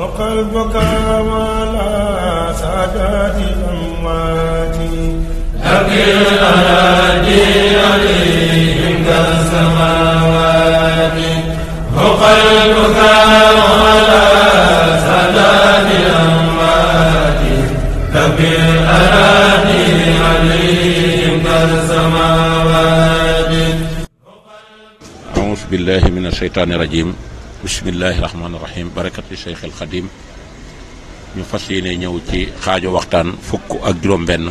وقلبك ولا سادات الأموات لكن أرادي عليهم كالسماوات وقلبك ولا سادات الأموات لكن أرادي عليهم كالسماوات أعوذ بالله من الشيطان الرجيم bisimillahi rahmaanirahim barakatu cheikh al xadim ñu fas ne ñëw ci xaajo waxtaan fukk ak juróom benn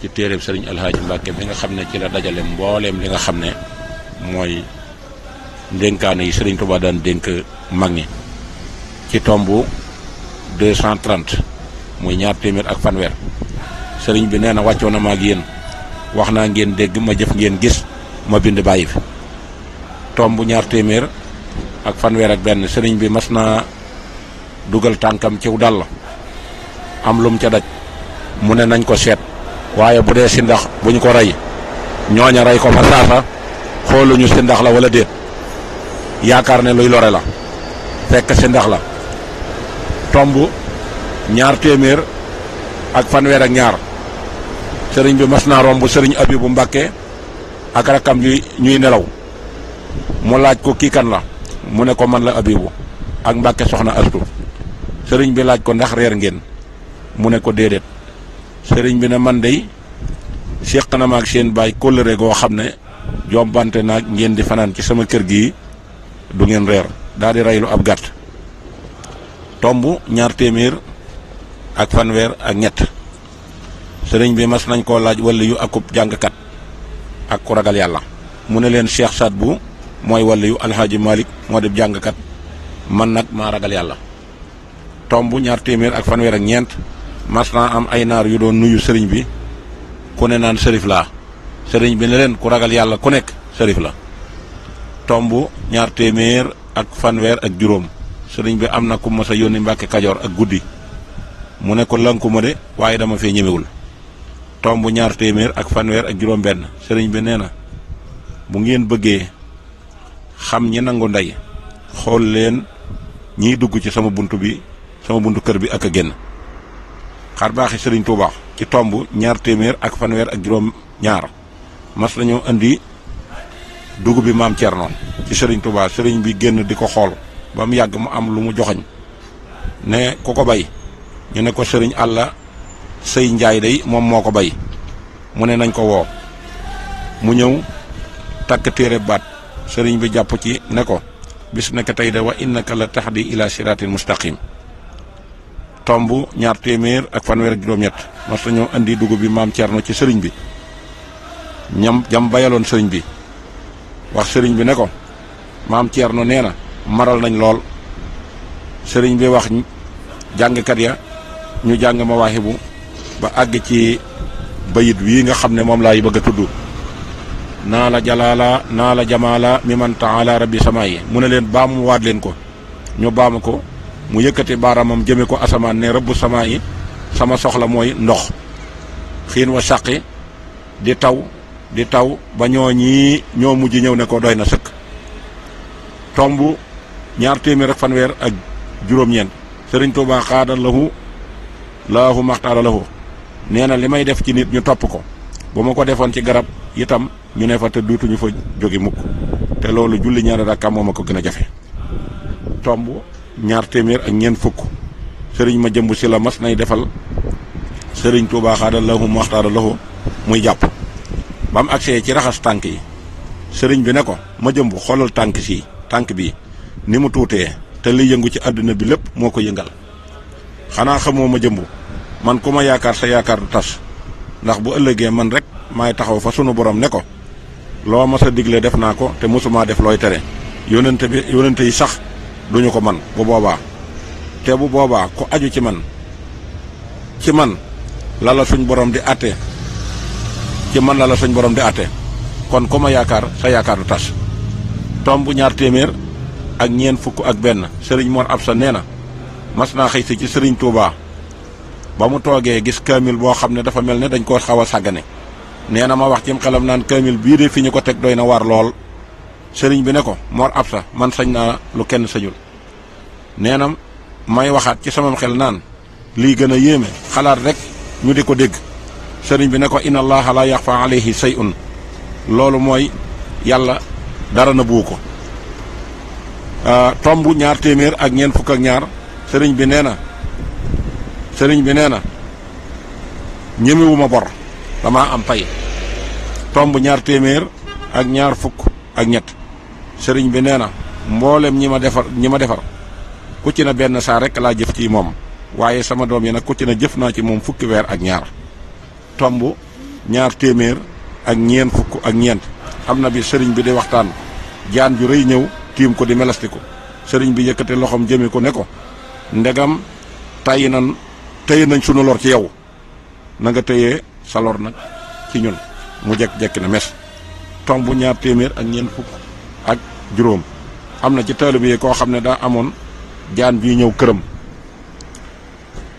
ci téeréb sëriñ alhaaji mbàkke bi nga xam ne ci la dajale mbooleem li nga xam ne mooy ndénkaane yi sëriñ Tuubaa daan dénk mag ñi ci tomb 230 muy ñaar téeméer ak fanweer sëriñ bi nee na wàccoon na ma yéen wax naa ngeen dégg ma jëf ngeen gis ma bind bàyyi fi tomb ñaar téeméer ak fanweer ak benn sëriñ bi mas naa dugal tànkam ciw dal am lum ca daj mu ne nañ ko seet waaye bu dee si ndax buñ ko rey ñooña rey ko fa saasa xooluñu si ndax la wala déet yaakaar ne luy lore la fekk si ndax la tomb ñaar téeméer ak fanweer ak ñaar sëriñ bi mas naa romb sëriñ Abibu Mbàkke ak rakkam yi ñuy nelaw mu laaj ko kii la mu ne ko man la abibu ak mbàkke soxna astu sëriñ bi laaj ko ndax reer ngeen mu ne ko déedéet sëriñ bi ne man dey séq na ma ak seen baay kóllëre goo xam ne jombante naa ngeen di fanaan ci sama kër gi du ngeen reer daal di reylu ab gàtt tomb ñaar téeméer ak fanweer ak ñett sëriñ bi mas nañ koo laaj walla yu akub jàngkat ak ku ragal yàlla mu ne leen Cheikh Saad bu mooy yu alxaaji malik moo def jàngkat man nag maa ragal yàlla tomb ñaar téeméer ak fanweer ak ñeent mas naa am ay naar yu doon nuyu sëriñ bi ku ne naan sërif laa sëriñ bi ne leen ku ragal yàlla ku nekk sërif la tomb ñaar téeméer ak fanweer ak juróom sëriñ bi am na ku mas a yónni mbàkke kajoor ak guddi mu ne ko lankuma de waaye dama fee ñemewul tomb ñaar téeméer ak fanweer ak juróom benn sëriñ bi nee na bu ngeen bëggee xam ñi nangu ndey xool leen ñiy dugg ci sama bunt bi sama buntu kër bi ak a génn xar baaxi sëriñ Tuubaa ci tomb ñaar téeméer ak fanweer ak juróom ñaar mas nañoo indi dugub bi maam Thierno ci sëriñ Tuubaa sëriñ bi génn di ko xool ba mu yàgg mu am lu mu joxoñ ne ku ko bay ñu ne ko sëriñ àlla sëy njaay day moom moo ko bay mu ne nañ ko woo mu ñëw takk téere baat sëriñ bi jàpp ci ne ko bis nekk tey de wa innaka la tahdi ila siratin mustaqim tomb ñaar téeméer ak fanweer ak juróom-ñett indi dugub bi maam Cerno ci sëriñ bi ñam jam bayaloon sëriñ bi wax sëriñ bi ne ko maam Cerno nee na maral nañ lool sëriñ bi wax jàngkat ya ñu jàng ma waaxibu ba àgg ci bayit wii nga xam ne moom laay bëgg a tudd naa la jalaala naa la jamaala mi man taala rabbi sama yi mu ne leen baamu waat leen ko ñu baamu ko mu yëkkati baaraamam jëme ko asamaan ne rëbbu sama yi sama soxla mooy ndox xiin wa sàqi di taw di taw ba ñoo ñii ñoo mujj ñëw ne ko doy na sëkk tomb ñaar téeméer ak fanweer ak juróom-ñeent sëriñ Tuubaa xaada lahu laahu maxtaara lahu nee na li may def ci nit ñu topp ko bu ma ko defoon ci garab itam ñu ne fa te duutuñu fa jóge mukk te loolu julli ñaari rakka moom a ko gën a jafe tomb ñaar téeméer ak ñeent fukk sëriñ ma jëmb si la mas nay defal sëriñ Tuubaa xaada lahu maxtaara lahu muy jàpp ba mu ci raxas tànk yi sëriñ bi ne ko ma jëmb xoolal tànk si tànk bi ni mu tuutee te li yëngu ci àdduna bi lépp moo ko yëngal xanaa xamoo ma jëmb man ku ma yaakaar sa yaakaar du tas ndax bu ëllëgee man rek maay taxaw fa sunu borom ne ko loo mas digle def naa ko te mosumaa def looy tere yónnante bi yónnante yi sax duñu ko man bu boobaa te bu boobaa ku aju ci man ci man lala suñ borom di àtte ci man la suñ borom di àtte kon ku ma yaakaar sa yaakaar du tas bu ñaar téeméer ak ñeen fukk ak benn sëriñ Mor sa nee na mas naa xëy si ci sëriñ Touba ba mu toogee gis kaamil boo xam ne dafa mel ne dañ koo xaw a sàggane nee na ma wax cim xelam naan kaamil bii de fi ñu ko teg doy na waar lool sëriñ bi ne ko ab Absa man sañ naa lu kenn sañul nee na may waxaat ci sama xel naan lii gën a yéeme xalaat rek ñu di ko dégg sëriñ bi ne ko inna allaha la yaxfa alayhi shay'un loolu mooy yàlla dara na buu ko ah, tomb ñaar téeméer ak ñeent fukk ak ñaar sëriñ bi nee na sëriñ bi nee na ñemewuma bor damaa am pay tomb ñaar téeméer ak ñaar fukk ak ñett sëriñ bi nee na mboolem ñi ma defar ñi ma defar ku na benn saa rek laa jëf ci moom waaye sama doom yi nag ku na jëf naa ci moom fukki weer ak ñaar tomb ñaar téeméer ak ñeent fukk ak ñeent am na bi sëriñ bi di waxtaan jaan ju rey ñëw tiim ko di melastiku sëriñ bi yëkkate loxoom jëme ko ne ko ndegam tàyyi nan tëye nañ sunu lor ci yow na nga saloor nag ci ñun mu jekk-jekk na mes tomb bu ñaar téeméer ak ñeent fukk ak juróom am na ci taalibe yi koo xam ne daa amoon jaan bii ñëw këram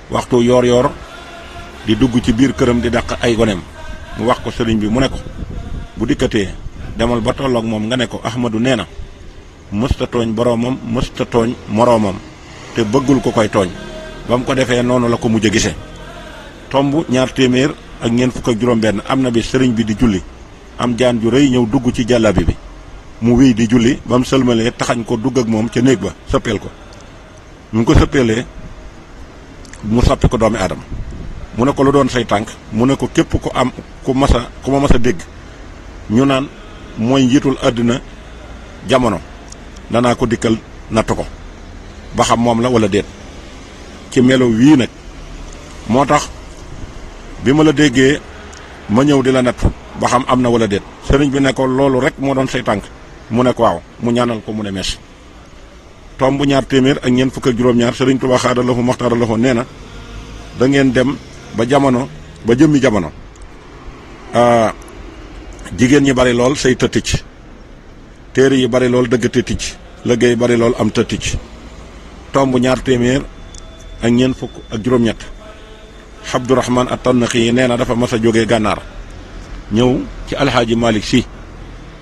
waxtu yoor yoor di dugg ci biir këram di dàq ay goneem mu wax ko sëriñ bi mu ne ko bu dikkatee demal ba tolloog moom nga ne ko ahmadu nee na mësta tooñ boroomam mësta tooñ moroomam te bëggul ko koy tooñ ba mu ko defee noonu la ko mujj a gise tomb ñaar téeméer ak ngeen fukk ak juróom-benn am na bi sëriñ bi di julli am jaan ju rëy ñëw dugg ci jàllabi bi mu wéy di julli ba mu sëlmalee taxañ ko dugg ak moom ca néeg ba sëppeel ko mu ngi ko sëppeelee mu sàppi ko doomi aadama mu ne ko lu doon say tànk mu ne ko képp ko am ku mas a ku ma mas a dégg ñu naan mooy njiitul àdduna jamono danaa ko dikkal natt ko ba xam moom la wala déet ci melo wii nag moo tax bi ma la déggee ma ñëw di la natt ba xam am na wala déet sëriñ bi nekkoon loolu rek moo doon say tànk mu ne ko waaw mu ñaanal ko mu ne mes tomb ñaar téeméer ak ñeent fukk ak juróom-ñaar sëriñ Tuubaa xaada la fu maxtaara la nee na da ngeen dem ba jamono ba jëmmi jamono ah, jigéen ñi bari lool say tëtticc téere yi bari lool dëgg tëtticc liggéey bari lool am tëtticc tomb ñaar téeméer ak ñeent fukk ak juróom-ñett Abdourahman at-Tanaqi yi nee na dafa mas a jógee gànnaar ñëw ci alxaaji Malick si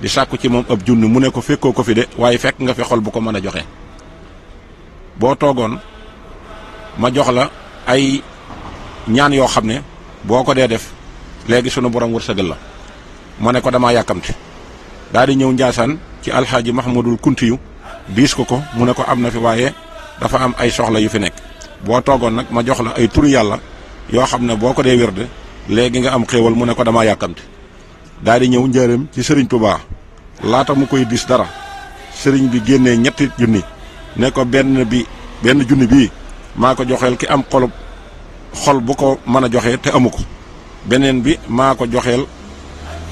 di sàkku ci moom ab junni mu ne ko fekkoo ko fi de waaye fekk nga fi xol bu ko mën a joxe boo toogoon ma jox la ay ñaan yoo xam ne boo ko dee def léegi sunu borom wërsëgal la ma ne ko damaa yàkkamti daal di ñëw njaasaan ci alxaaji Mahmadul Kuntiyu diis ko ko mu ne ko am na fi waaye dafa am ay soxla yu fi nekk boo toogoon nag ma jox la ay turu yàlla yoo xam ne boo ko dee wérde léegi nga am xéewal mu ne ko damaa yàkkamte daal di ñëw njëriñ ci sëriñ Touba laata mu koy diis dara sëriñ bi génnee ñetti junni ne ko benn bi benn junni bii maa ko joxeel ki am xolub xol bu ko mën a joxe te amu ko beneen bi maa ko joxeel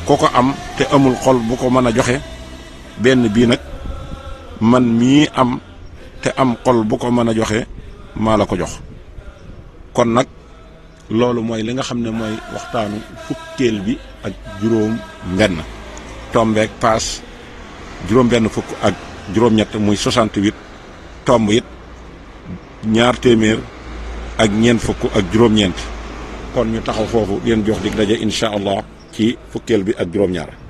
ku ko am te amul xol bu ko mën a joxe benn bii nag man mii am te am xol bu ko mën a joxe maa la ko jox kon nag loolu mooy li nga xam ne mooy waxtaanu fukkeel bi ak juróom benn tombeek paas juróom benn fukk ak juróom ñett muy 68 tomb it ñaar téeméer ak ñeent fukk ak juróom ñeent kon ñu taxaw foofu leen jox di daje incha allah ci fukkeel bi ak juróom ñaar